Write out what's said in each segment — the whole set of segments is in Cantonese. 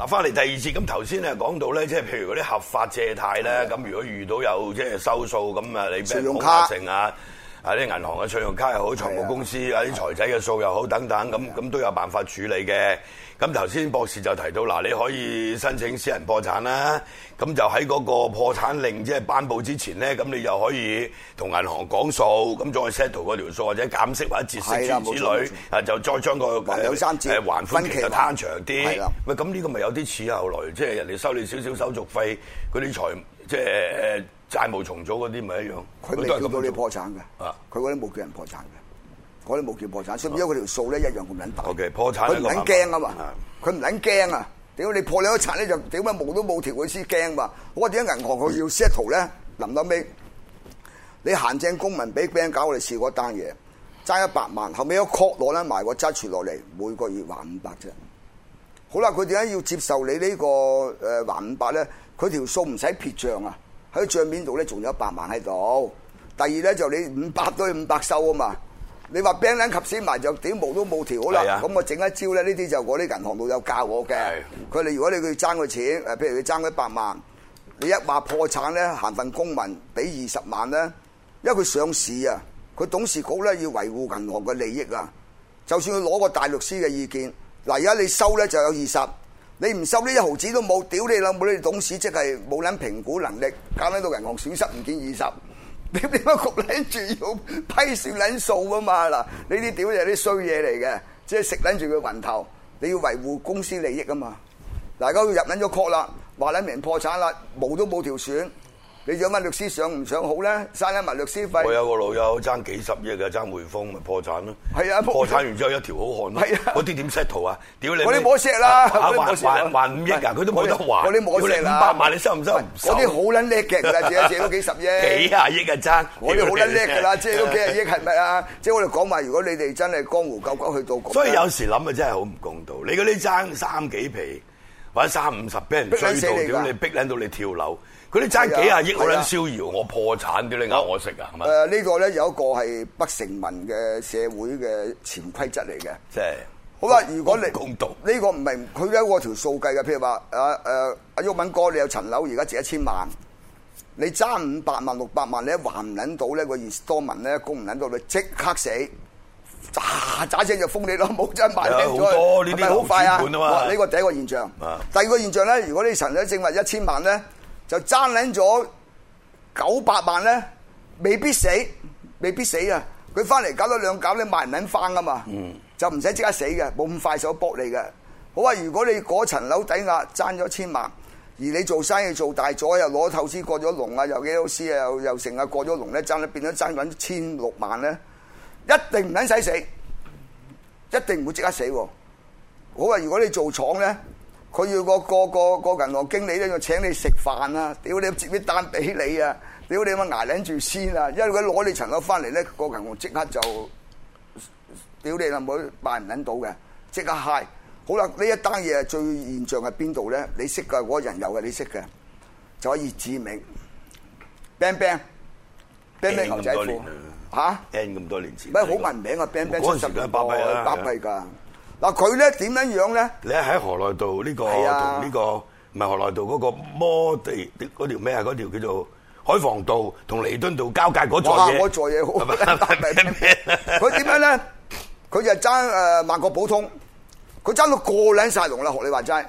嗱，翻嚟第二節，咁頭先咧講到咧，即係譬如嗰啲合法借貸咧，咁是的 如果遇到有即係收數咁啊，你信用卡剩啊，啊啲銀行嘅信用卡又好，財是的 務公司啊啲財仔嘅數又好，等等，咁咁都有辦法處理嘅。咁頭先博士就提到，嗱你可以申請私人破產啦。咁就喺嗰個破產令即係頒布之前咧，咁你又可以同銀行講數，咁再 settle 嗰條數，或者減息或者節息，息之類，啊就再將個誒還款期就攤長啲。咪咁呢個咪有啲似後來即係人哋收你少少手續費，嗰啲財即係債務重組嗰啲咪一樣。佢都叫你破產㗎。啊的，佢嗰啲冇叫人破產㗎。我哋冇叫破產，所以而家佢條數咧一樣咁撚大。Okay, 破產佢唔撚驚啊嘛，佢唔撚驚啊！屌的你破你筆產咧就屌乜冇都冇條佢先驚嘛！我點解銀行佢要 set 圖咧？臨到尾你行政公民俾 friend 搞我哋試過一單嘢，爭一百萬，後尾我 collapse 啦，埋個質住落嚟，每個月還五百啫。好啦，佢點解要接受你、呢個呃、呢個誒還五百咧？佢條數唔使撇帳啊，喺帳面度咧仲有一百萬喺度。第二咧就係，你五百對五百收啊嘛。你話冰冷及時埋就，屌毛都冇條好啦。咁我整一招咧，呢啲就我啲銀行度有教我嘅。佢哋如果你佢爭佢錢，誒譬如佢爭佢一百萬，你一話破產咧，行份公文俾二十萬咧。因為佢上市啊，佢董事局咧要維護銀行嘅利益啊。就算佢攞個大律師嘅意見，嗱而家你收咧就有二十，你唔收呢一毫子都冇，屌你喇。你董事即係冇撚評估能力，搞到到銀行損失唔見二十。你點解焗撚住要批少撚數啊嘛？嗱，你啲屌係啲衰嘢嚟嘅，即係食撚住佢雲頭，你要維護公司利益啊嘛！嗱，大家入撚咗確啦，話撚明破產啦，毛都冇條選。你請乜律師想唔想好咧？生一萬律師費。我有個老友爭幾十億嘅爭匯豐，咪破產咯。係啊，破產完之後一條好漢。係啊，嗰啲點 set 圖啊？屌你！嗰啲冇 set 啦，還還還五億啊！佢都冇得還。嗰啲冇叻啦。五百萬你收唔收？我啲好撚叻嘅，而家借咗幾十億。幾廿億啊！爭我哋好撚叻㗎啦，借咗幾廿億係咪啊？即係我哋講話，如果你哋真係江湖救急去到。所以有時諗啊，真係好唔公道。你嗰啲爭三幾皮？搵三五十俾人追到，屌你,你逼捻到你跳樓，佢哋爭幾廿億，我捻逍遙，我破產，屌的你我呃我食啊，係咪？誒，呢個咧有一個係不成文嘅社會嘅潛規則嚟嘅。即係是，好啦，如果你呢個唔明，佢有一個條數計嘅，譬如話阿阿阿毓民哥，你有層樓，而家值一千萬，你爭五百萬六百萬，你一還唔捻到咧，那個二多文咧供唔捻到，你即刻死。炸炸聲就封你咯，冇真賣靚咗，係好多呢啲好快啊！呢個本第一個現象，是的 第二個現象咧，如果你層樓正值一千萬咧，就爭捻咗九百萬咧，未必死，未必死啊！佢翻嚟搞多兩搞到你賣唔捻翻噶嘛，就唔使即刻死嘅，冇咁快手搏你嘅。好啊，如果你嗰層樓抵押爭咗千萬，而你做生意做大咗，又攞投資過咗龍啊，又 L C 啊，又又成啊過咗龍咧，爭變咗爭緊千六萬咧。一定唔撚使死，一定唔會即刻死。好啊！如果你做廠咧，佢要個個個個銀行經理咧，要請你食飯啊！屌你接啲單俾你啊！屌你乜挨領住先啊！因為佢攞你層樓翻嚟咧，個銀行即刻就屌你啦，唔會辦唔撚到嘅，即刻 high。好啦，呢一單嘢，係最現象係邊度咧？你識嘅個人有嘅，你識嘅，就可以致命，Bang Bang，Bang Bang 牛仔褲。吓，N 咁多年前，唔係好聞名啊！嗰陣時都係八百啊，八百噶。嗱佢咧點樣樣咧？你喺河內道呢個同呢個唔係河內道嗰個摩地啲嗰條咩啊？嗰條叫做海防道同彌敦道交界嗰座嘢。我話我做嘢好，佢點樣咧？佢就爭誒萬國寶通，佢爭到個撚殺龍啦！學你話齋，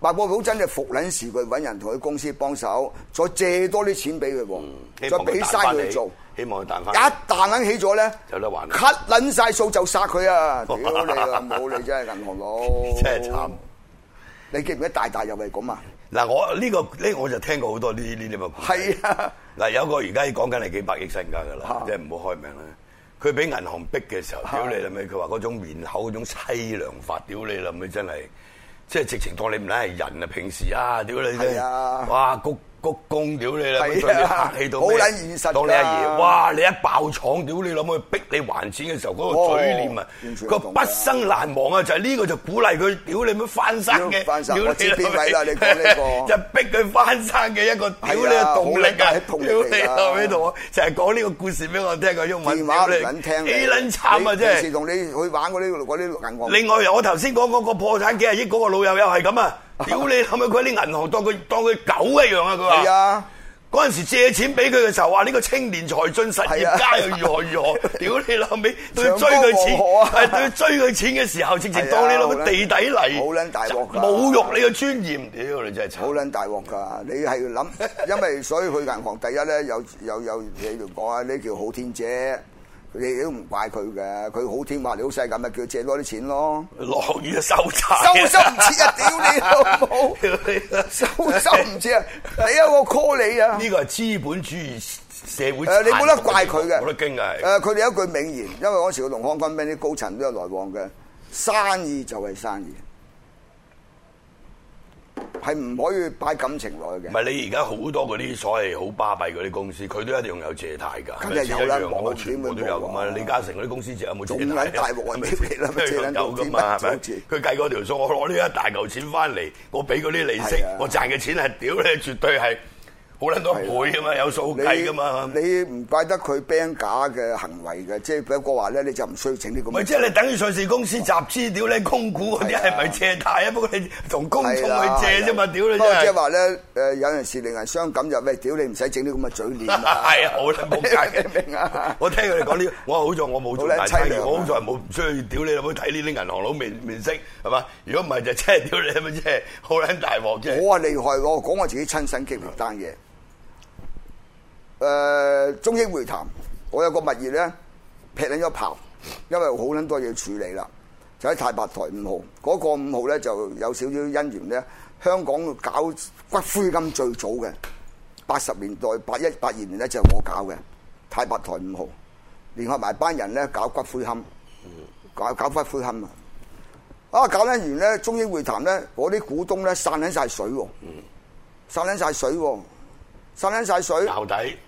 萬國寶真係服撚事，佢揾人同佢公司幫手，再借多啲錢俾佢喎，再俾曬佢做。希望佢彈翻一彈起咗咧，就得還，黑撚晒數就殺佢啊！屌你啊，冇你真係銀行佬，真係慘！你記唔記得大大入嚟咁啊？嗱，我呢個呢我就聽過好多呢呢啲咁嘅係啊！嗱，有個而家講緊係幾百億身家㗎啦，即係唔好開名啦。佢俾銀行逼嘅時候，屌你啦妹！佢話嗰種面口嗰種淒涼法，屌你啦妹！真係即係直情當你唔係人啊！平時啊，屌你啊！哇，個公屌你啦，佢對你客氣到咩？當你阿爺，哇！你一爆廠，屌你諗去逼你還錢嘅時候，嗰個嘴臉啊，個畢生難忘啊！就係呢個就鼓勵佢，屌你乜翻生嘅，翻生，我知邊位啊？你講呢個，就逼佢翻生嘅一個屌你嘅動力啊！屌你喺度，成日講呢個故事俾我聽個，用電話你幾卵慘啊！真係。平時同你去玩嗰啲嗰啲。另外，我頭先講嗰個破產幾廿億嗰個老友又係咁啊。屌你，諗下佢喺啲銀行當佢當佢狗一樣啊？佢話，嗰陣時借錢俾佢嘅時候話呢個青年才俊實業家又如何如何？屌是的 你老尾，對追佢錢，係佢追佢錢嘅時候，直接當你攞的 waren 地底泥好撚大鑊，侮辱你嘅尊嚴。屌你真係好撚大鑊噶，你係要諗， 因為所以去銀行第一咧有有有嘢講啊，呢叫好天姐。你都唔怪佢嘅，佢好天話你好細咁，咪叫佢借多啲錢咯。落雨就收差，收心唔切啊！屌你老母！好好 收心唔切啊！ 你有個 call 你啊！呢個係資本主義社會。誒，你冇得怪佢嘅，冇得驚嘅。誒，佢哋有一句名言，因為嗰時個龍崗軍兵啲高層都有來往嘅，生意就係生意。係唔可以擺感情落去嘅。唔係你而家好多嗰啲所謂好巴閉嗰啲公司，佢都一定有借貸㗎。咁就有啦，我全部都有咁啊！李嘉誠嗰啲公司就有冇借貸？仲大鑊未嚟啦， 借緊錢。佢計嗰條數，我攞呢一大嚿錢翻嚟，我俾嗰啲利息，的我賺嘅錢係屌你，絕對係。好撚多倍噶嘛，有數計噶嘛。你唔怪得佢兵假嘅行為嘅，即係國華咧，你就唔需要整啲咁。唔係即係你等於上市公司集資屌你供股嗰啲係咪借貸啊？不過你同公眾去借啫嘛，屌你即係話咧，誒有陣時令人傷感就咩？屌你唔使整啲咁嘅嘴臉，係啊，好撚大嘅名啊！我聽佢哋講呢，我好在我冇做埋，我好在冇需要屌你，有冇睇呢啲銀行佬面面色係嘛？如果唔係就即係屌你係咪？即係？好撚大鑊啫！我話厲害喎，講我自己親身經歷單嘢。誒、呃，中英會談，我有個物業咧劈緊咗炮，因為好捻多嘢處理啦，就喺太白台五號。嗰、那個五號咧就有少少恩怨咧。香港搞骨灰龕最早嘅，八十年代八一八二年咧就係我搞嘅，太白台五號，聯合埋班人咧搞骨灰龕，搞搞骨灰龕啊！啊搞緊完咧，中英會談咧，我啲股東咧散撚晒水，嗯，散撚晒水了，散撚晒水了，底。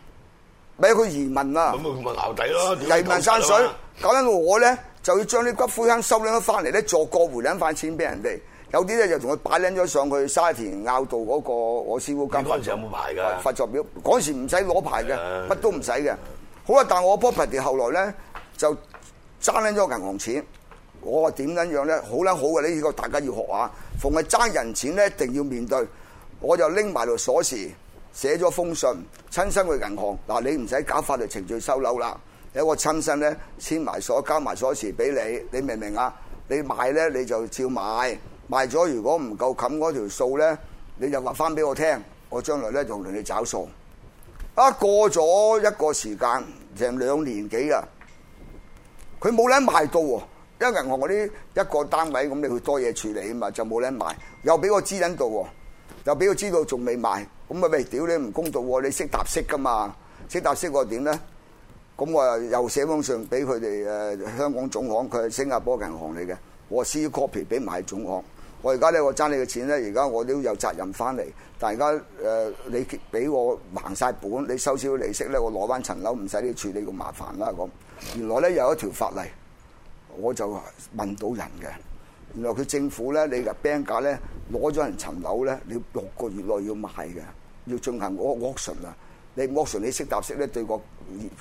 畀佢移民啦！移民山水，搞到我咧 就要將啲骨灰箱收拎翻嚟咧，做過回領返錢俾人哋。有啲咧就同佢擺拎咗上去沙田坳道嗰個我師傅。嗰陣時有冇牌噶？發、嗯、作表，嗰陣時唔使攞牌嘅，乜都唔使嘅。好啦，但我 property 後來咧就爭拎咗銀行錢。我話點樣樣咧？好啦，好嘅呢個大家要學下。逢係爭人錢咧，一定要面對。我就拎埋條鎖匙。寫咗封信，親身去銀行嗱，你唔使搞法律程序收樓啦。有個親身咧，簽埋鎖，交埋鎖匙俾你，你明唔明啊？你賣咧你就照買，賣咗如果唔夠冚嗰條數咧，你就話翻俾我聽，我將來咧就同你找數。啊，過咗一個時間，成兩年幾啊，佢冇人賣到喎，因為銀行嗰啲一個單位咁，你去多嘢處理啊嘛，就冇人賣，又俾我知緊到喎，又俾我知道仲未賣。咁咪咪屌你唔公道喎？你識搭識㗎嘛？識搭識我點咧？咁我又又寫封信俾佢哋誒，香港總行，佢係新加坡銀行嚟嘅。我試 copy 俾唔係總行。我而家咧，我爭你嘅錢咧，而家我都有責任翻嚟。大家誒，你俾我還晒本，你收少利息咧，我攞翻層樓，唔使你處理咁麻煩啦。咁原來咧有一條法例，我就問到人嘅。原來佢政府咧，你嘅兵價咧攞咗人層樓咧，你六個月內要賣嘅，要進行個 auction 啊，你 auction 你識搭識咧對個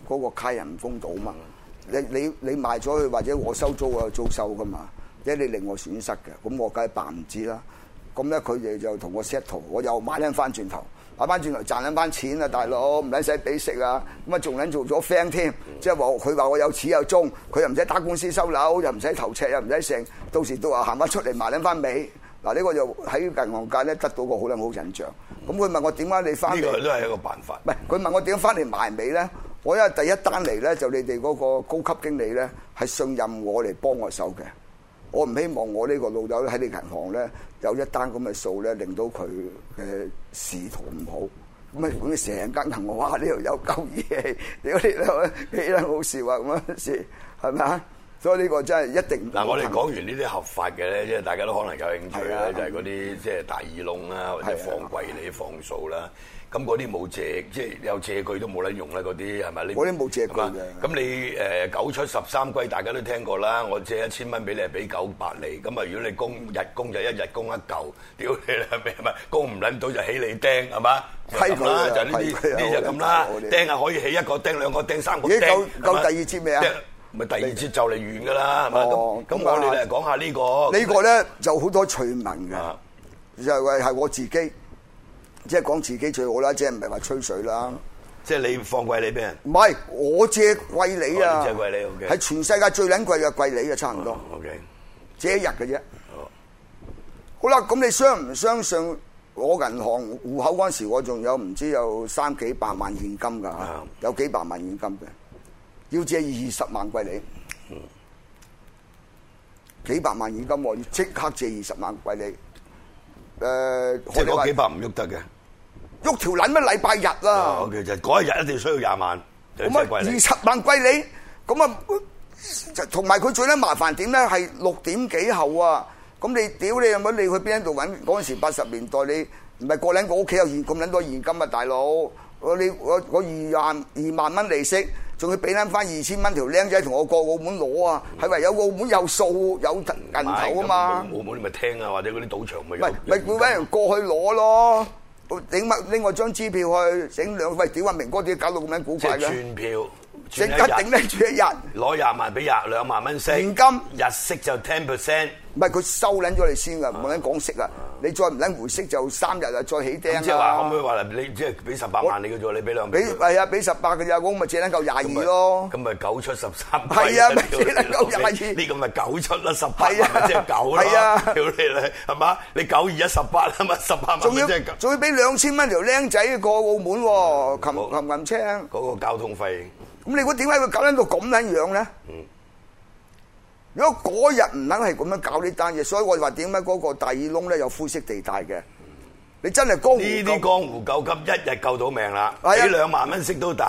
嗰卡、那個、人唔封到嘛，你你你賣咗佢或者我收租啊租收噶嘛，即係你另外損失嘅，咁我梗係扮唔知啦，咁咧佢哋就同我 settle，我又買返翻轉頭。翻翻轉頭賺兩翻錢啊，大佬唔使使俾食啊，咁啊仲諗做咗 friend 添，即係話佢話我有始有終，佢又唔使打官司收樓，又唔使頭赤，又唔使剩，到時都話行翻出嚟埋兩翻尾。嗱、這、呢個又喺銀行界咧得到個好撚好印象。咁佢問我點解，你翻呢個都係一個辦法。唔係佢問我點樣翻嚟埋尾咧？我因為第一單嚟咧就你哋嗰個高級經理咧係信任我嚟幫我手嘅。我唔希望我呢個老友喺你銀行咧有一單咁嘅數咧，令到佢嘅仕途唔好，咁啊、哦，如果你成間銀行哇呢度有鳩嘢，你嗰啲咧起得好笑啊，咁樣事係咪啊？所以呢個真係一定嗱，我哋講完呢啲合法嘅咧，即係大家都可能有興趣啦，就係嗰啲即係大耳窿啦，或者放貴利放數啦。咁嗰啲冇借，即係有借據都冇得用啦。嗰啲係咪？嗰啲冇借據。咁你誒九出十三歸，大家都聽過啦。我借一千蚊俾你，係俾九百你。咁啊，如果你供日供，就一日供一嚿，屌你啦，咩唔係供唔撚到就起你釘係嘛？規矩啦，就呢啲呢就咁啦。釘啊可以起一個釘兩個釘三個釘，起第二千未啊？咪第二節就嚟完噶啦，係咪、哦？咁我哋嚟講下呢、這個，個呢個咧是就好多趣聞嘅，又係係我自己，即、就、係、是、講自己最好啦、就是啊，即係唔係話吹水啦。即係你放貴利俾人？唔係我借貴利啊！啊你借貴利 OK，係全世界最撚貴嘅貴利嘅差唔多、啊、OK，借一日嘅啫。啊、好啦，咁你相唔相信我銀行戶口嗰陣時，我仲有唔知有三幾百萬現金㗎？啊、有幾百萬現金嘅。要借二十萬貴利，幾百萬現金我要即刻借二十萬貴利。誒，即係嗰幾百唔喐得嘅，喐條捻乜禮拜日啦。O K，就嗰一日一定需要廿萬就即係貴利。二十萬貴利，咁啊，同埋佢最咧麻煩點咧係六點幾後啊。咁你屌你有冇你去邊一度搵嗰陣時八十年代你唔係個零個屋企有現咁捻多現金啊，大佬我你我我二萬二萬蚊利息。仲要俾翻翻二千蚊條僆仔同我過澳門攞啊！係咪有澳門有數有銀頭啊嘛？澳門你咪聽啊，或者嗰啲賭場咪唔係咪？會俾人過去攞咯，整埋拎我張支票去整兩喂，點話明哥點搞到咁樣古怪嘅？即係全票，整一頂得住一日。攞廿萬俾廿兩萬蚊息，現金日息就 ten percent。唔係佢收拎咗你先㗎，唔好捻講息㗎。你再唔捻回息就三日又再起釘，即係話可唔可以話你，即係俾十八萬你嘅啫，你俾兩？俾係啊，俾十八嘅啫，我咪只能夠廿二咯。咁咪九出十三？係啊，只能夠廿二，你咁咪九出啦，十八萬即係九啦。啊，你啦，係嘛？你九二一十八啦嘛，十八萬即係九。仲要仲要俾兩千蚊條僆仔過澳門喎，琴琴車、嗰個交通費。咁你估點解佢搞到咁撚樣咧？如果嗰日唔肯係咁樣搞呢單嘢。所以我哋話點解嗰個大耳窿咧有灰色地帶嘅？你真係江湖？呢啲江湖救急，一日救到命啦！俾、啊、兩萬蚊食到底，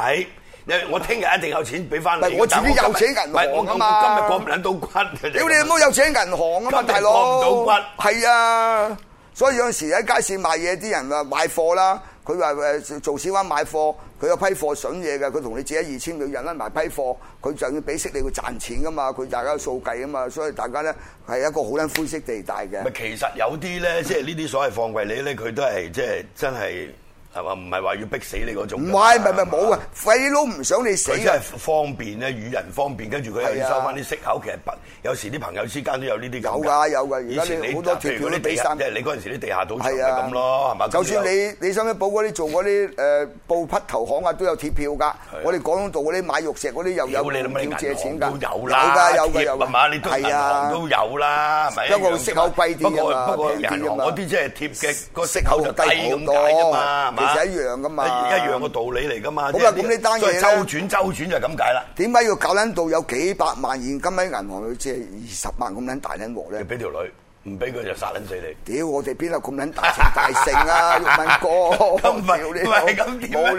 我聽日一定有錢俾翻你。是我自己有錢銀行噶嘛？今日講唔肯到骨，屌你冇有錢銀行啊嘛，大佬？到骨。係啊，啊，所以有陣時喺街市賣嘢啲人啊賣貨啦。佢話誒做小販買貨，佢有批貨筍嘢嘅，佢同你借二千幾人拉埋批貨，佢就要俾息你，去賺錢噶嘛，佢大家有數計啊嘛，所以大家咧係一個好撚灰色地帶嘅。其實有啲咧， 即係呢啲所謂放櫃你咧，佢都係即係真係。係嘛？唔係話要逼死你嗰種。唔係，咪咪冇啊！廢佬唔想你死。佢即係方便咧，與人方便，跟住佢又要收翻啲息口，其實有時啲朋友之間都有呢啲㗎。有㗎有㗎，以前好多貼票啲俾衫，即係你嗰陣時啲地下賭場係咁咯，係嘛？就算你你想去補嗰啲做嗰啲誒布匹投行啊，都有貼票㗎。我哋廣東做嗰啲買玉石嗰啲又有貼票借錢㗎，有啦，有㗎有㗎。係嘛？你都銀行都有啦，不過息口貴啲啊嘛。不過銀行嗰啲即係貼嘅個息口就低咁多啊嘛。係一樣噶嘛，一樣個道理嚟噶嘛好。好啦，咁呢單嘢啦，週轉週轉就咁解啦。點解要搞撚到有幾百萬現金喺銀行度借二十萬咁撚大撚鑊咧？俾條女。唔俾佢就殺撚死你！屌，我哋邊度咁撚大財大勢啊？六萬個都唔係，唔係咁屌！屌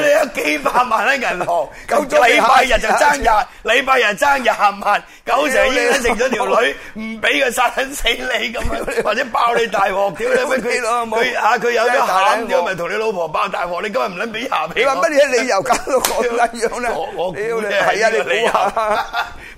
你有幾百萬喺銀行，咁禮拜日就爭日，禮拜日爭廿萬，九成應該剩咗條女，唔俾佢殺撚死你咁啊！或者爆你大鑊，屌你咪佢咯，啊！佢有啲慘，屌咪同你老婆爆大鑊，你今日唔撚俾廿？你揾乜嘢理由搞到我咁樣咧？我我屌你，係啊！你估下？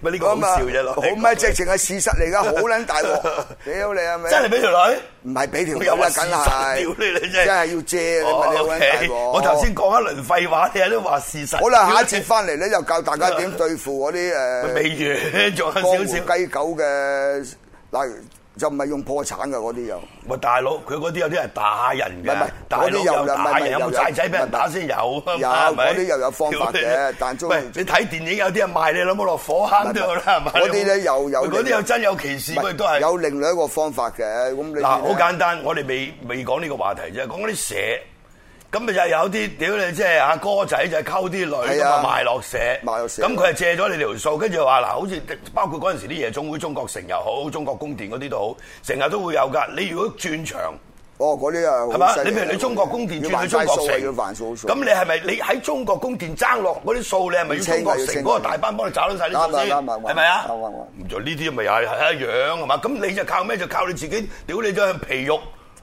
咪你講啊！好咪直情係事實嚟噶，好撚大鑊屌你啊！咪真係俾條女？唔係俾條友啊！梗係，你真係要借你咪屌你大鑊！我頭先講一輪廢話，你喺都話事實。好啦，下一節翻嚟咧，就教大家點對付嗰啲誒，未完，仲有少少雞狗嘅嗱。就唔係用破產嘅嗰啲又，唔係大佬佢嗰啲有啲係打人嘅。嗰啲又有打人有債仔俾人打先有，啊嗰啲又有方法嘅，但係你睇電影有啲係賣你老母落火坑度啦，係咪？嗰啲咧又有，嗰啲有真有其事，都係有另外一個方法嘅。咁嗱好簡單，我哋未未講呢個話題啫，講嗰啲蛇。咁咪就係有啲屌你，即係阿哥仔就係溝啲女啊，的賣落社，賣落社。咁佢係借咗你條數，跟住話嗱，好似包括嗰陣時啲夜總會、中國城又好、中國宮殿嗰啲都好，成日都會有㗎。你如果轉場，哦，嗰啲啊，係嘛？你譬如你中國宮殿轉去中國城，咁你係咪？你喺中國宮殿爭落嗰啲數，你係咪要中國城嗰個大班幫你找晒啲數先？係咪啊？唔就呢啲咪又係一樣啊嘛？咁你就靠咩？就靠你自己屌你嘅皮肉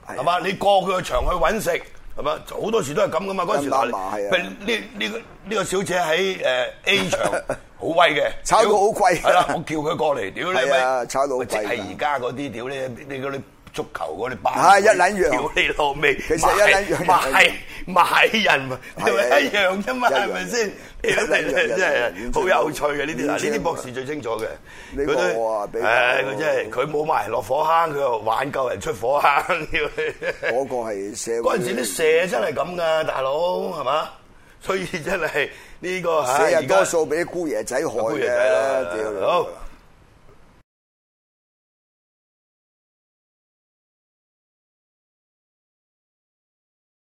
係嘛？的你過佢個場去揾食。係嘛？好多時都係咁噶嘛。嗰陣時，嗱，係啊，呢、呢、呢個呢、呢個呢個小姐喺誒 A 場好 威嘅，炒到好貴。係啦，我叫佢過嚟，屌 你咪炒到貴。即係而家啲屌咧，你個足球嗰啲把，啊一撚樣，屌你老味，其實一撚樣，買買人，係咪一樣啫嘛？係咪先？一樣即係好有趣嘅呢啲嗱，呢啲博士最清楚嘅，佢都，誒佢真係佢冇埋落火坑，佢又挽救人出火坑，嗰個係蛇。嗰陣時啲蛇真係咁噶，大佬係嘛？所以真係呢個，蛇多數俾姑爺仔害嘅。好。